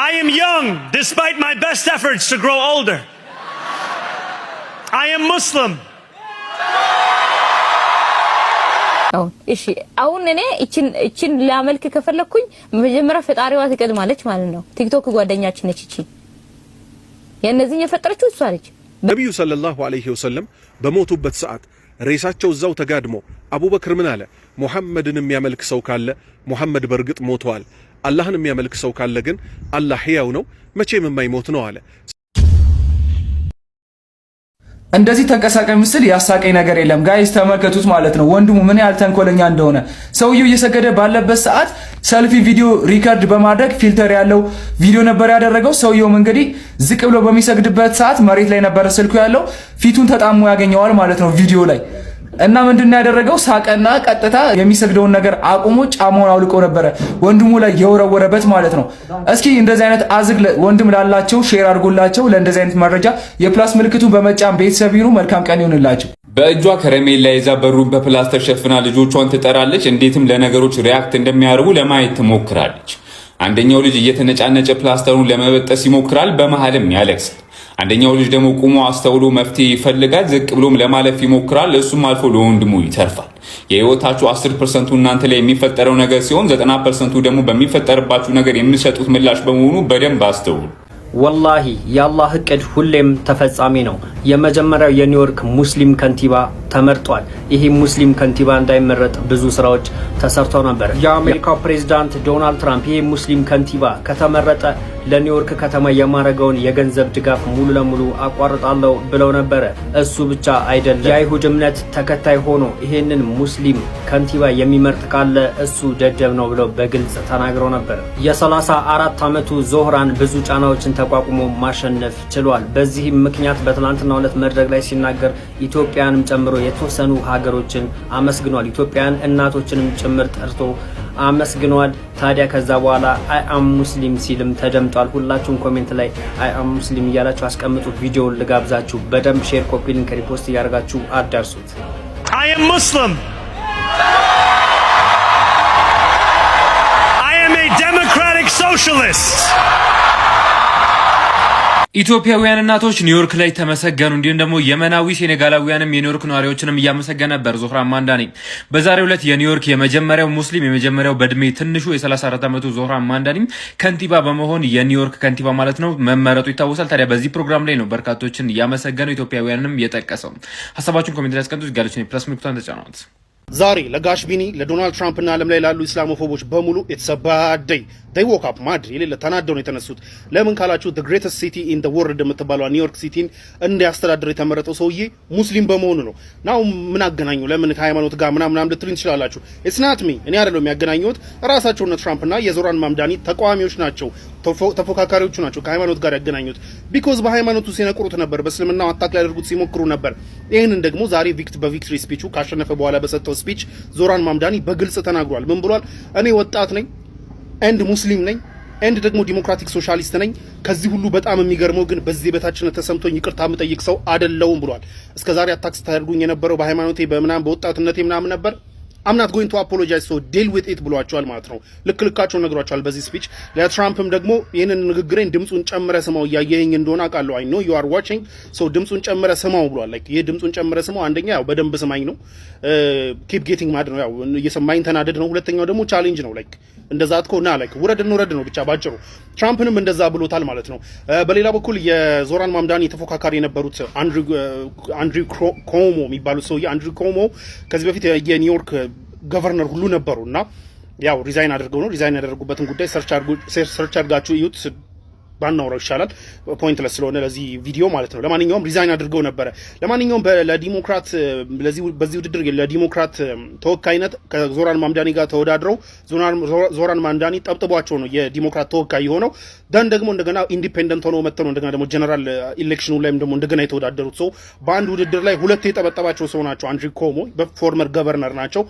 I am young despite my best efforts to grow older. I am Muslim. እሺ አሁን እኔ እቺን እቺን ላመልክ ከፈለኩኝ መጀመሪያ ፈጣሪዋ ትቀድማለች ማለት ነው። ቲክቶክ ጓደኛችን ነች። እቺ የእነዚህን የፈጠረችው እሷ ነች። ነቢዩ ሰለላሁ ዐለይሂ ወሰለም በሞቱበት ሰዓት ሬሳቸው እዛው ተጋድሞ አቡበክር ምን አለ? ሙሐመድን የሚያመልክ ሰው ካለ ሙሐመድ በእርግጥ ሞተዋል፣ አላህን የሚያመልክ ሰው ካለ ግን አላህ ሕያው ነው መቼም የማይሞት ነው አለ። እንደዚህ ተንቀሳቃሽ ምስል ያሳቀኝ ነገር የለም። ጋይስ ተመልከቱት ማለት ነው ወንድሙ ምን ያህል ተንኮለኛ እንደሆነ። ሰውየው እየሰገደ ባለበት ሰዓት ሰልፊ ቪዲዮ ሪከርድ በማድረግ ፊልተር ያለው ቪዲዮ ነበር ያደረገው። ሰውየውም እንግዲህ ዝቅ ብሎ በሚሰግድበት ሰዓት መሬት ላይ ነበረ ስልኩ ያለው፣ ፊቱን ተጣሞ ያገኘዋል ማለት ነው ቪዲዮ ላይ እና ምንድን ያደረገው? ሳቀና ቀጥታ የሚሰግደውን ነገር አቁሞ ጫማውን አውልቆ ነበረ ወንድሙ ላይ የወረወረበት ማለት ነው። እስኪ እንደዚህ አይነት አዝግ ወንድም ላላቸው ሼር አድርጎላቸው። ለእንደዚህ አይነት መረጃ የፕላስ ምልክቱን በመጫን ቤተሰብ ይኑ። መልካም ቀን ይሆንላቸው። በእጇ ከረሜላ ይዛ በሩን በፕላስተር ሸፍና ልጆቿን ትጠራለች። እንዴትም ለነገሮች ሪያክት እንደሚያደርጉ ለማየት ትሞክራለች። አንደኛው ልጅ እየተነጫነጨ ፕላስተሩን ለመበጠስ ይሞክራል። በመሀልም ያለቅሳል። አንደኛው ልጅ ደግሞ ቁሞ አስተውሎ መፍትሄ ይፈልጋል። ዝቅ ብሎም ለማለፍ ይሞክራል። እሱም አልፎ ለወንድሙ ይተርፋል። የህይወታችሁ 10 ፐርሰንቱ እናንተ ላይ የሚፈጠረው ነገር ሲሆን 90 ፐርሰንቱ ደግሞ በሚፈጠርባችሁ ነገር የሚሰጡት ምላሽ በመሆኑ በደንብ አስተውሉ። ወላሂ የአላህ እቅድ ሁሌም ተፈጻሚ ነው። የመጀመሪያው የኒውዮርክ ሙስሊም ከንቲባ ተመርጧል። ይህ ሙስሊም ከንቲባ እንዳይመረጥ ብዙ ስራዎች ተሰርተው ነበር። የአሜሪካው ፕሬዚዳንት ዶናልድ ትራምፕ ይህ ሙስሊም ከንቲባ ከተመረጠ ለኒውዮርክ ከተማ የማረገውን የገንዘብ ድጋፍ ሙሉ ለሙሉ አቋርጣለሁ ብለው ነበረ። እሱ ብቻ አይደለም፣ የአይሁድ እምነት ተከታይ ሆኖ ይሄንን ሙስሊም ከንቲባ የሚመርጥ ካለ እሱ ደደብ ነው ብለው በግልጽ ተናግረው ነበር። የሰላሳ አራት ዓመቱ ዞህራን ብዙ ጫናዎችን ተቋቁሞ ማሸነፍ ችሏል። በዚህም ምክንያት በትላንትና ሁለት መድረክ ላይ ሲናገር ኢትዮጵያንም ጨምሮ የተወሰኑ ሀገሮችን አመስግኗል። ኢትዮጵያን እናቶችንም ጭምር ጠርቶ አመስግኗል። ታዲያ ከዛ በኋላ አይ አም ሙስሊም ሲልም ተደምጧል። ሁላችሁም ኮሜንት ላይ አይ አም ሙስሊም እያላችሁ አስቀምጡ። ቪዲዮውን ልጋብዛችሁ። በደንብ ሼር፣ ኮፒ ሊንክ፣ ሪፖስት እያደረጋችሁ አዳርሱት። አይ አም ሙስሊም አይ አም ዴሞክራቲክ ሶሻሊስት ኢትዮጵያውያን እናቶች ኒውዮርክ ላይ ተመሰገኑ። እንዲሁም ደግሞ የመናዊ ሴኔጋላዊያንም የኒውዮርክ ነዋሪዎችንም እያመሰገነ ነበር። ዞህራን ማንዳኒ በዛሬው ዕለት የኒውዮርክ የመጀመሪያው ሙስሊም የመጀመሪያው በእድሜ ትንሹ የ34 ዓመቱ ዞህራን ማንዳኒ ከንቲባ በመሆን የኒውዮርክ ከንቲባ ማለት ነው መመረጡ ይታወሳል። ታዲያ በዚህ ፕሮግራም ላይ ነው በርካቶችን እያመሰገነው ኢትዮጵያውያንንም የጠቀሰው። ሀሳባችሁን ኮሜንት ላይ አስቀምጡ። ጋሎችን የፕላስ ምልክቷን ተጫናት። ዛሬ ለጋሽ ቢኒ ለዶናልድ ትራምፕ እና ዓለም ላይ ላሉ ኢስላሞፎቦች በሙሉ የተሰባደይ ባድ ዴይ ዎክ አፕ ማድ የሌለ ተናደው ነው የተነሱት። ለምን ካላችሁ ዘ ግሬተስት ሲቲ ኢን ዘ ወርልድ የምትባለው ኒውዮርክ ሲቲን እንዲያስተዳድር የተመረጠው ሰውዬ ሙስሊም በመሆኑ ነው። ናው ምን አገናኙ? ለምን ከሃይማኖት ጋር ምናምናም ምናምን ልትሉኝ ትችላላችሁ። ኢትስ ናት ሚ እኔ አይደለሁም የሚያገናኘት ራሳቸውነ ትራምፕ እና የዞራን ማምዳኒ ተቃዋሚዎች ናቸው ተፎካካሪዎቹ ናቸው ከሃይማኖት ጋር ያገናኙት። ቢኮዝ በሃይማኖቱ ሲነቁሩት ነበር፣ በእስልምናው አታክ ሊያደርጉት ሲሞክሩ ነበር። ይህንን ደግሞ ዛሬ ቪክት በቪክትሪ ስፒቹ ካሸነፈ በኋላ በሰጠው ስፒች ዞራን ማምዳኒ በግልጽ ተናግሯል። ምን ብሏል? እኔ ወጣት ነኝ ኤንድ ሙስሊም ነኝ ኤንድ ደግሞ ዲሞክራቲክ ሶሻሊስት ነኝ። ከዚህ ሁሉ በጣም የሚገርመው ግን በዚህ በታችነት ተሰምቶኝ ይቅርታ የምጠይቅ ሰው አይደለሁም ብሏል። እስከዛሬ አታክስ ታደርጉኝ የነበረው በሃይማኖቴ በምናም በወጣትነቴ ምናምን ነበር አምናት ጎይንቶ አፖሎጃይዝ ሶ ዴል ዊት ኢት ብሏቸዋል ማለት ነው። ልክ ልካቸው ነግሯቸዋል በዚህ ስፒች። ለትራምፕም ደግሞ ይህንን ንግግሬን ድምፁን ጨምረ ስማው፣ እያየኝ እንደሆነ አውቃለሁ። አይ ኖ ዩ አር ዋቺንግ ሰው ድምፁን ጨምረ ስማው ብሏል። ላይክ ይህ ድምፁን ጨምረ ስማው አንደኛ ያው በደንብ ስማኝ ነው ኪፕ ጌቲንግ ማድ ነው ያው እየሰማኝ ተናደድ ነው። ሁለተኛው ደግሞ ቻሌንጅ ነው ላይክ እንደዛ አትኮ ና ላይክ ውረድ እንውረድ ነው ብቻ ባጭሩ። ትራምፕንም እንደዛ ብሎታል ማለት ነው። በሌላ በኩል የዞራን ማምዳን ተፎካካሪ የነበሩት አንድሪ ኮሞ የሚባሉት ሰውዬ አንድሪ ኮሞ ከዚህ በፊት የኒውዮርክ ገቨርነር ሁሉ ነበሩ እና ያው ሪዛይን አድርገው ነው ሪዛይን ያደረጉበትን ጉዳይ ሰርች አድርጋችሁ እዩት። ባናወራው ይሻላል፣ ፖይንትለስ ስለሆነ ለዚህ ቪዲዮ ማለት ነው። ለማንኛውም ሪዛይን አድርገው ነበረ። ለማንኛውም ለዲሞክራት በዚህ ውድድር ለዲሞክራት ተወካይነት ከዞራን ማምዳኒ ጋር ተወዳድረው ዞራን ማምዳኒ ጠብጥቧቸው ነው የዲሞክራት ተወካይ የሆነው። ዳን ደግሞ እንደገና ኢንዲፔንደንት ሆኖ መጥተው ነው እንደገና ደግሞ ጀነራል ኢሌክሽኑ uh, ላይም ደግሞ እንደገና የተወዳደሩት ሰው በአንድ ውድድር ላይ ሁለት የጠበጠባቸው ሰው ናቸው። አንድሪ ኮሞ ፎርመር ገቨርነር ናቸው።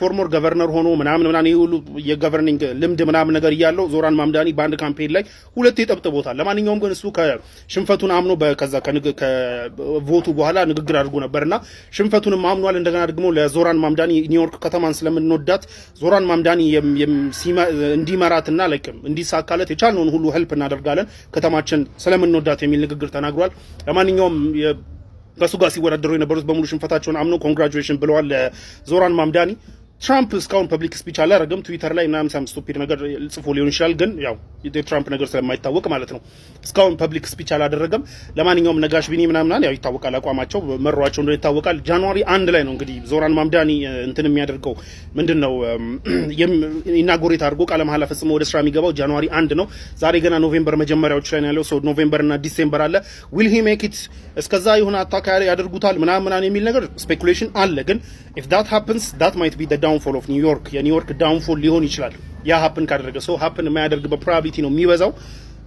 ፎርመር ገቨርነር ሆኖ ምናምን ምናምን ሁሉ የገቨርኒንግ ልምድ ምናምን ነገር እያለው ዞራን ማምዳኒ በአንድ ካምፔን ላይ ሁለት የጠብጥቦታል። ለማንኛውም ግን እሱ ሽንፈቱን አምኖ ከዛ ከቮቱ በኋላ ንግግር አድርጎ ነበርና ሽንፈቱንም አምኗል። እንደገና ደግሞ ለዞራን ማምዳኒ ኒውዮርክ ከተማን ስለምንወዳት ዞራን ማምዳኒ እንዲመራትና እንዲሳካለት የቻልነውን ሁሉ ህልፕ እናደርጋለን ከተማችን ስለምንወዳት የሚል ንግግር ተናግሯል። ለማንኛውም ከእሱ ጋር ሲወዳደሩ የነበሩት በሙሉ ሽንፈታቸውን አምነው ኮንግራጁዌሽን ብለዋል ዞራን ማምዳኒ። ትራምፕ እስካሁን ፐብሊክ ስፒች አላረገም። ትዊተር ላይ ምናምን ሳም ስቱፒድ ነገር ጽፎ ሊሆን ይችላል፣ ግን ያው የትራምፕ ነገር ስለማይታወቅ ማለት ነው እስካሁን ፐብሊክ ስፒች አላደረገም። ለማንኛውም ነጋሽ ቢኒ ምናምን ያው ይታወቃል፣ አቋማቸው መሯቸው እንደሆነ ይታወቃል። ጃንዋሪ አንድ ላይ ነው እንግዲህ ዞራን ማምዳኒ እንትን የሚያደርገው ምንድን ነው ኢናጎሬት አድርጎ ቃለ መሀላ ፈጽሞ ወደ ስራ የሚገባው ጃንዋሪ አንድ ነው። ዛሬ ገና ኖቬምበር መጀመሪያዎች ላይ ያለው ሰው ኖቬምበር እና ዲሴምበር አለ። ዊል ሂ ሜክ ኢት እስከዛ የሆነ አታካ ያደርጉታል ምናምን ምናምን የሚል ነገር ስፔኩሌሽን አለ። ግን ኢፍ ዳት ሃፕንስ ዳት ማይት ቢ ደ ዳውንፎል ኦፍ ኒውዮርክ የኒውዮርክ ዳውንፎል ሊሆን ይችላል። ያ ሀፕን ካደረገ ሰው ሀፕን የማያደርግበት ፕሮባቢሊቲ ነው የሚበዛው፣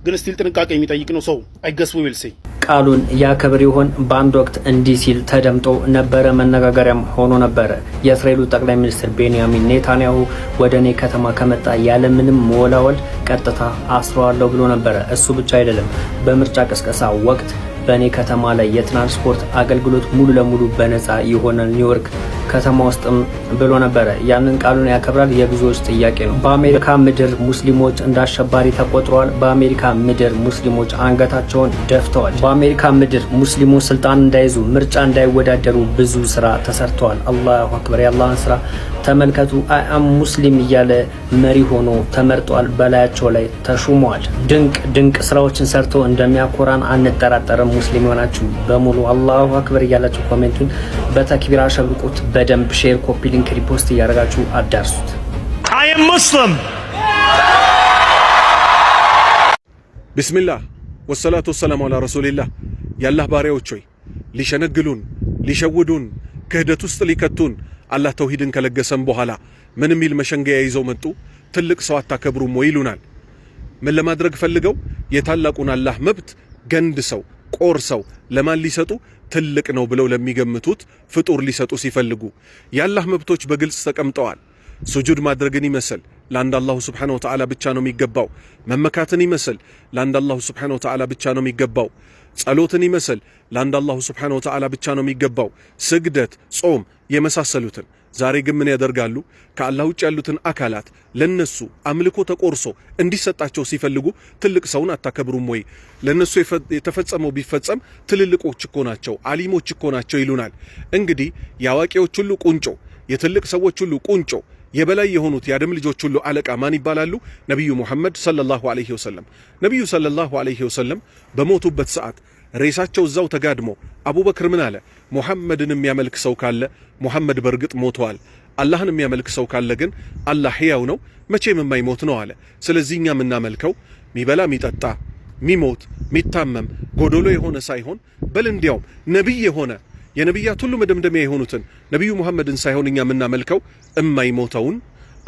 ግን ስቲል ጥንቃቄ የሚጠይቅ ነው። ሰው አይገስ ዊል ሲ ቃሉን ያከብር ይሆን? በአንድ ወቅት እንዲህ ሲል ተደምጦ ነበረ፣ መነጋገሪያም ሆኖ ነበረ። የእስራኤሉ ጠቅላይ ሚኒስትር ቤንያሚን ኔታንያሁ ወደ እኔ ከተማ ከመጣ ያለምንም ወላወል ቀጥታ አስረዋለሁ ብሎ ነበረ። እሱ ብቻ አይደለም፣ በምርጫ ቅስቀሳ ወቅት በእኔ ከተማ ላይ የትራንስፖርት አገልግሎት ሙሉ ለሙሉ በነፃ የሆነ ኒውዮርክ ከተማ ውስጥም ብሎ ነበረ። ያንን ቃሉን ያከብራል የብዙዎች ጥያቄ ነው። በአሜሪካ ምድር ሙስሊሞች እንደ አሸባሪ ተቆጥረዋል። በአሜሪካ ምድር ሙስሊሞች አንገታቸውን ደፍተዋል። በአሜሪካ ምድር ሙስሊሞች ስልጣን እንዳይዙ፣ ምርጫ እንዳይወዳደሩ ብዙ ስራ ተሰርተዋል። አላሁ አክበር፣ የአላህን ስራ ተመልከቱ። አም ሙስሊም እያለ መሪ ሆኖ ተመርጧል። በላያቸው ላይ ተሹመዋል። ድንቅ ድንቅ ስራዎችን ሰርቶ እንደሚያኮራን አንጠራጠርም። ሙስሊም የሆናችሁ በሙሉ አላሁ አክበር እያላችሁ ኮሜንቱን በተክቢራ አሸብርቁት። በደንብ ሼር፣ ኮፒ ሊንክ፣ ሪፖስት እያደረጋችሁ አዳርሱት። አይም ሙስሊም። ቢስሚላህ ወሰላቱ ወሰላሙ አላ ረሱሊላህ። የአላህ ባሪያዎች ሆይ ሊሸነግሉን፣ ሊሸውዱን፣ ክህደት ውስጥ ሊከቱን አላህ ተውሂድን ከለገሰን በኋላ ምን የሚል መሸንገያ ይዘው መጡ? ትልቅ ሰው አታከብሩም ወይ ይሉናል። ምን ለማድረግ ፈልገው የታላቁን አላህ መብት ገንድ ሰው ቆርሰው ለማን ሊሰጡ ትልቅ ነው ብለው ለሚገምቱት ፍጡር ሊሰጡ ሲፈልጉ የአላህ መብቶች በግልጽ ተቀምጠዋል። ሱጁድ ማድረግን ይመስል ለአንድ አላሁ ስብሓነሁ ወተዓላ ብቻ ነው የሚገባው። መመካትን ይመስል ለአንድ አላሁ ስብሓነሁ ወተዓላ ብቻ ነው የሚገባው። ጸሎትን ይመስል ለአንድ አላሁ ስብሓነሁ ወተዓላ ብቻ ነው የሚገባው። ስግደት፣ ጾም የመሳሰሉትን ዛሬ ግን ምን ያደርጋሉ? ከአላህ ውጭ ያሉትን አካላት ለነሱ አምልኮ ተቆርሶ እንዲሰጣቸው ሲፈልጉ ትልቅ ሰውን አታከብሩም ወይ? ለነሱ የተፈጸመው ቢፈጸም ትልልቆች እኮ ናቸው፣ አሊሞች እኮ ናቸው ይሉናል። እንግዲህ የአዋቂዎች ሁሉ ቁንጮ፣ የትልቅ ሰዎች ሁሉ ቁንጮ የበላይ የሆኑት የአደም ልጆች ሁሉ አለቃ ማን ይባላሉ? ነቢዩ ሙሐመድ ሰለላሁ ዐለይሂ ወሰለም። ነቢዩ ሰለላሁ ዐለይሂ ወሰለም በሞቱበት ሰዓት ሬሳቸው እዛው ተጋድሞ አቡበክር ምን አለ? ሙሐመድን የሚያመልክ ሰው ካለ ሙሐመድ በእርግጥ ሞተዋል። አላህን የሚያመልክ ሰው ካለ ግን አላህ ሕያው ነው፣ መቼም የማይሞት ነው አለ። ስለዚህ እኛ የምናመልከው ሚበላ፣ ሚጠጣ፣ ሚሞት፣ ሚታመም ጎዶሎ የሆነ ሳይሆን በል እንዲያውም ነቢይ የሆነ የነቢያት ሁሉ መደምደሚያ የሆኑትን ነቢዩ ሙሐመድን ሳይሆን እኛ የምናመልከው እማይሞተውን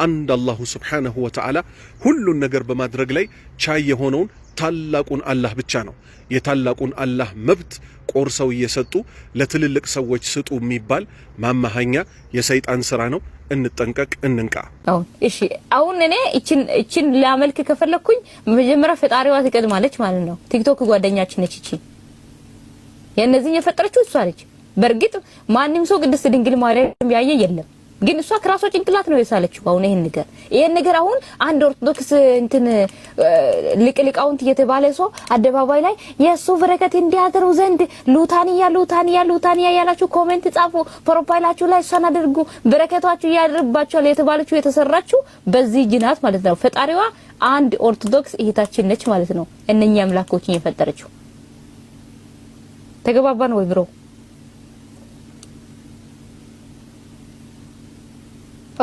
አንድ አላሁ ስብሓነሁ ወተዓላ ሁሉን ነገር በማድረግ ላይ ቻይ የሆነውን ታላቁን አላህ ብቻ ነው። የታላቁን አላህ መብት ቆርሰው እየሰጡ ለትልልቅ ሰዎች ስጡ የሚባል ማማሃኛ የሰይጣን ስራ ነው። እንጠንቀቅ፣ እንንቃ። እሺ፣ አሁን እኔ እችን እችን ላመልክ ከፈለኩኝ መጀመሪያ ፈጣሪዋ ትቀድማለች ማለት ነው። ቲክቶክ ጓደኛችን ነች። እቺ የእነዚህን የፈጠረችው እሷ ነች። በእርግጥ ማንም ሰው ቅድስት ድንግል ማርያም ያየ የለም ግን እሷ ከራሷ ጭንቅላት ነው የሳለችው። አሁን ይሄን ነገር ይሄን ነገር አሁን አንድ ኦርቶዶክስ እንትን ሊቅሊቃውንት እየተባለ ሰው አደባባይ ላይ የእሱ በረከት እንዲያደርው ዘንድ ሉታንያ ሉታንያ ሉታንያ ያላችሁ ኮሜንት ጻፉ፣ ፕሮፋይላችሁ ላይ እሷን አድርጉ፣ በረከታችሁ ያድርባችኋል የተባለችው የተሰራችው በዚህ ጅናት ማለት ነው። ፈጣሪዋ አንድ ኦርቶዶክስ እህታችን ነች ማለት ነው። እነኛ አምላኮችን የፈጠረችው ተገባባን ወይ ብሮ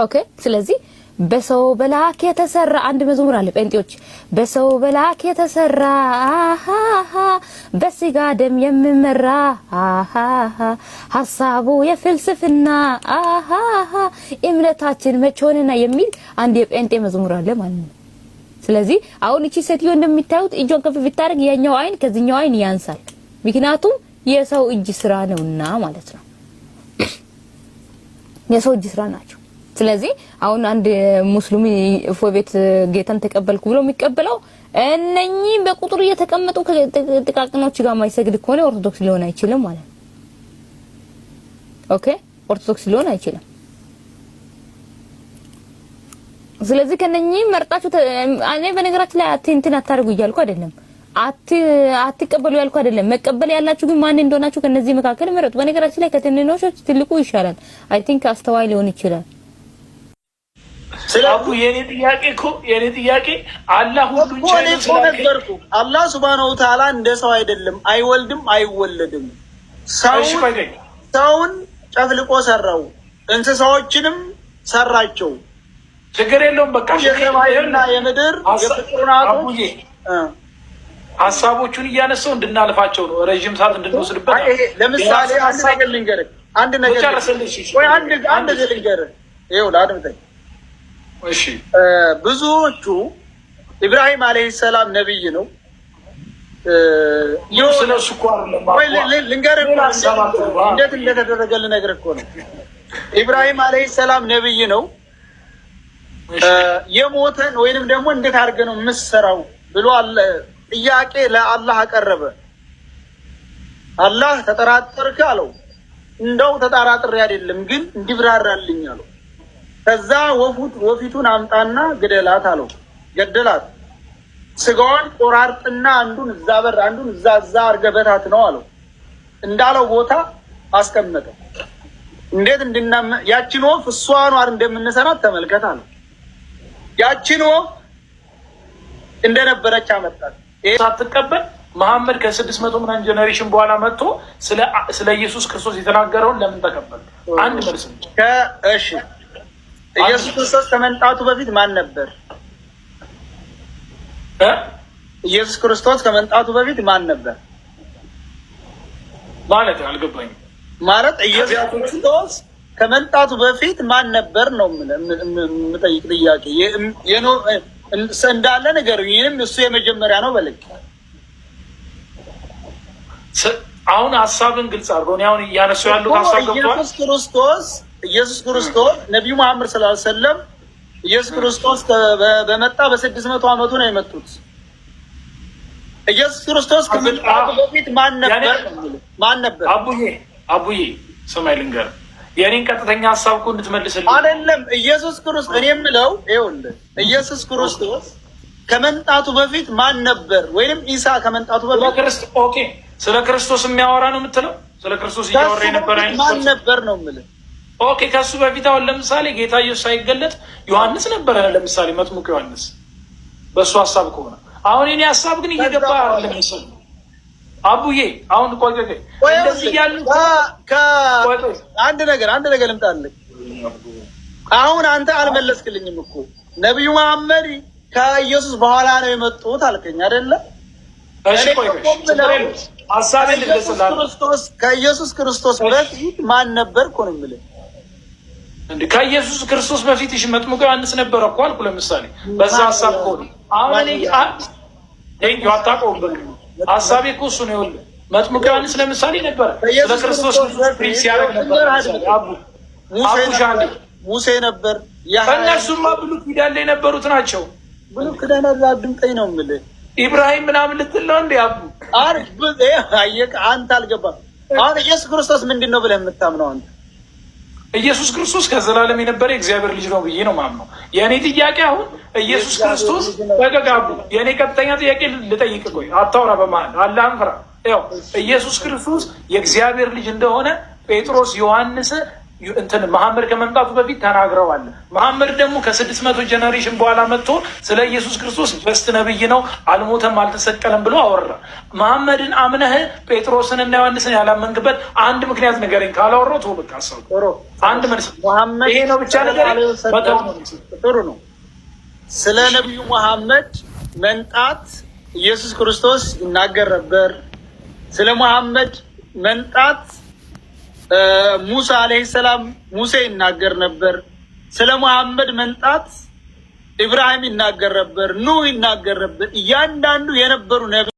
ኦኬ። ስለዚህ በሰው በላክ የተሰራ አንድ መዝሙር አለ። ጴንጤዎች በሰው በላክ የተሰራ በስጋ ደም የምመራ ሀሳቡ የፍልስፍና እምነታችን መቼሆንና የሚል አንድ የጴንጤ መዝሙር አለ ማለት ነው። ስለዚህ አሁን እቺ ሴትዮ እንደሚታዩት እጇን ከፍ ብታደርግ ያኛው አይን ከዚህኛው አይን ያንሳል። ምክንያቱም የሰው እጅ ስራ ነውና ማለት ነው። የሰው እጅ ስራ ናቸው። ስለዚህ አሁን አንድ ሙስሊም ፎቤት ጌታን ተቀበልኩ ብሎ የሚቀበለው እነኚህ በቁጥር እየተቀመጡ ከጥቃቅኖች ጋር ማይሰግድ ከሆነ ኦርቶዶክስ ሊሆን አይችልም ማለት ነው። ኦኬ ኦርቶዶክስ ሊሆን አይችልም። ስለዚህ ከነኚህ መርጣችሁ እኔ በነገራችን ላይ አት እንትን አታርጉ እያልኩ አይደለም፣ አት አትቀበሉ ያልኩ አይደለም። መቀበል ያላችሁ ግን ማን እንደሆናችሁ ከነዚህ መካከል መረጡ። በነገራችን ላይ ከትንንሾች ትልቁ ይሻላል። አይ ቲንክ አስተዋይ ሊሆን ይችላል። ስለዚህ የኔ ጥያቄ እኮ የኔ ጥያቄ አላህ ሁሉ ቻይ አላህ ሱብሃነሁ ወተዓላ እንደ ሰው አይደለም፣ አይወልድም፣ አይወለድም። ሰውን ጨፍልቆ ሰራው፣ እንስሳዎችንም ሰራቸው። ችግር የለውም። በቃ የሰማይና የምድር ሀሳቦቹን እያነሳው እንድናልፋቸው ነው፣ ረዥም ሰዓት እንድንወስድበት። ለምሳሌ አንድ ነገር ልንገርህ፣ አንድ ነገር ልንገርህ፣ ይኸውልህ አድምጠኝ ብዙዎቹ ኢብራሂም አለህ ሰላም ነብይ ነው። ልንገር እንዴት እንደተደረገ ልነግርህ እኮ ነው። ኢብራሂም አለህ ሰላም ነብይ ነው። የሞተን ወይንም ደግሞ እንዴት አድርገ ነው የምትሰራው ብሎ ጥያቄ ለአላህ አቀረበ። አላህ ተጠራጠርክ አለው። እንደው ተጠራጥሬ አይደለም ግን እንዲብራራልኝ አለው። ከዛ ወፊቱን አምጣና ግደላት አለው። ገደላት። ስጋዋን ቆራርጥና አንዱን እዛ በር አንዱን እዛ እዛ አርገበታት ነው አለው። እንዳለው ቦታ አስቀመጠ። እንዴት እንድና ያችን ወፍ እሷን እንደምንሰራት ተመልከት አለው። ያችን ወፍ እንደነበረች አመጣት። ይሄ ሳትቀበል መሐመድ ከስድስት መቶ ምናምን ጀኔሬሽን በኋላ መጥቶ ስለ ኢየሱስ ክርስቶስ የተናገረውን ለምን ተቀበል? አንድ መልስ እሺ ኢየሱስ ክርስቶስ ከመምጣቱ በፊት ማን ነበር? ኢየሱስ ክርስቶስ ከመምጣቱ በፊት ማን ነበር ማለት አልገባኝም። ማለት ኢየሱስ ክርስቶስ ከመምጣቱ በፊት ማን ነበር ነው የምጠይቅ ጥያቄ። እንዳለ ነገር ይህም እሱ የመጀመሪያ ነው በልክ አሁን ሀሳብን ግልጽ አድርገው አሁን እያነሱ ያሉት ሀሳብ ኢየሱስ ክርስቶስ ኢየሱስ ክርስቶስ ነቢዩ መሐመድ ሰለላሁ ዐለይሂ ወሰለም ኢየሱስ ክርስቶስ በመጣ በስድስት መቶ ዓመቱ ነው የመጡት። ኢየሱስ ክርስቶስ ከመምጣቱ በፊት ማን ነበር? ማን ነበር? አቡዬ አቡዬ ስማይ ልንገር የኔን ቀጥተኛ ሀሳብ እኮ እንድትመልስልኝ አይደለም። ኢየሱስ ክርስቶስ እኔ የምለው ይኸውልህ፣ ኢየሱስ ክርስቶስ ከመምጣቱ በፊት ማን ነበር? ወይንም ኢሳ ከመምጣቱ በፊት ኦኬ፣ ስለ ክርስቶስ የሚያወራ ነው የምትለው? ስለ ክርስቶስ እያወራ የነበረ ማን ነበር ነው የምልህ ኦኬ ከሱ በፊት አሁን ለምሳሌ ጌታ ኢየሱስ ሳይገለጥ ዮሐንስ ነበረ። ለምሳሌ መጥምቁ ዮሐንስ በእሱ ሀሳብ ከሆነ አሁን የኔ ሀሳብ ግን እየገባ ለምሳሌ አቡዬ አሁን ቆይ ቆይ እንደዚህ ያሉ አንድ ነገር አንድ ነገር ልምጣልህ። አሁን አንተ አልመለስክልኝም እኮ ነቢዩ መሐመድ ከኢየሱስ በኋላ ነው የመጡት አልከኝ አደለ እሺ ቆይ ከኢየሱስ ክርስቶስ በፊት ማን ነበር እኮ ነው የምልህ ከኢየሱስ ክርስቶስ በፊት ይሽ መጥምቁ ዮሐንስ ነበረ እኮ አልኩ። ለምሳሌ በዛ ሀሳብ ከሆነ አሁን ዩ አታውቀውም። በ ሀሳቤ እኮ እሱ ነው። ይኸውልህ መጥምቁ ዮሐንስ ለምሳሌ ነበረ ስለ ክርስቶስ ፕሪንስ ነበር። ሙሴ ነበር። ከእነርሱማ ብሉይ ኪዳን ላይ የነበሩት ናቸው። ብሉይ ኪዳን አለ። አድምጠኝ ነው የምልህ ኢብራሂም ምናምን ልትል ነው እንዴ? አቡ አንተ አልገባህም። አሁን ኢየሱስ ክርስቶስ ምንድን ነው ብለህ የምታምነው አንተ ኢየሱስ ክርስቶስ ከዘላለም የነበረ የእግዚአብሔር ልጅ ነው ብዬ ነው ማምነው። የእኔ ጥያቄ አሁን ኢየሱስ ክርስቶስ በገጋቡ የእኔ ቀጥተኛ ጥያቄ ልጠይቅ። ቆይ አታውራ በመሀል አላንፍራ ያው ኢየሱስ ክርስቶስ የእግዚአብሔር ልጅ እንደሆነ ጴጥሮስ ዮሐንስ እንትን መሐመድ ከመምጣቱ በፊት ተናግረዋል። መሐመድ ደግሞ ከስድስት መቶ ጀነሬሽን በኋላ መጥቶ ስለ ኢየሱስ ክርስቶስ በስት ነብይ ነው አልሞተም አልተሰቀለም ብሎ አወራ። መሐመድን አምነህ ጴጥሮስን እና ዮሐንስን ያላመንክበት አንድ ምክንያት ንገረኝ። ካላወራሁ ቶ በቃ አንድ መልስ ይሄ ነው ብቻ ነገር ጥሩ ነው። ስለ ነቢዩ መሐመድ መንጣት ኢየሱስ ክርስቶስ ይናገር ነበር። ስለ መሐመድ መንጣት ሙሳ አለይሂ ሰላም ሙሴ ይናገር ነበር። ስለ መሐመድ መንጣት ኢብራሂም ይናገር ነበር፣ ኑህ ይናገር ነበር። እያንዳንዱ የነበሩ ነቢ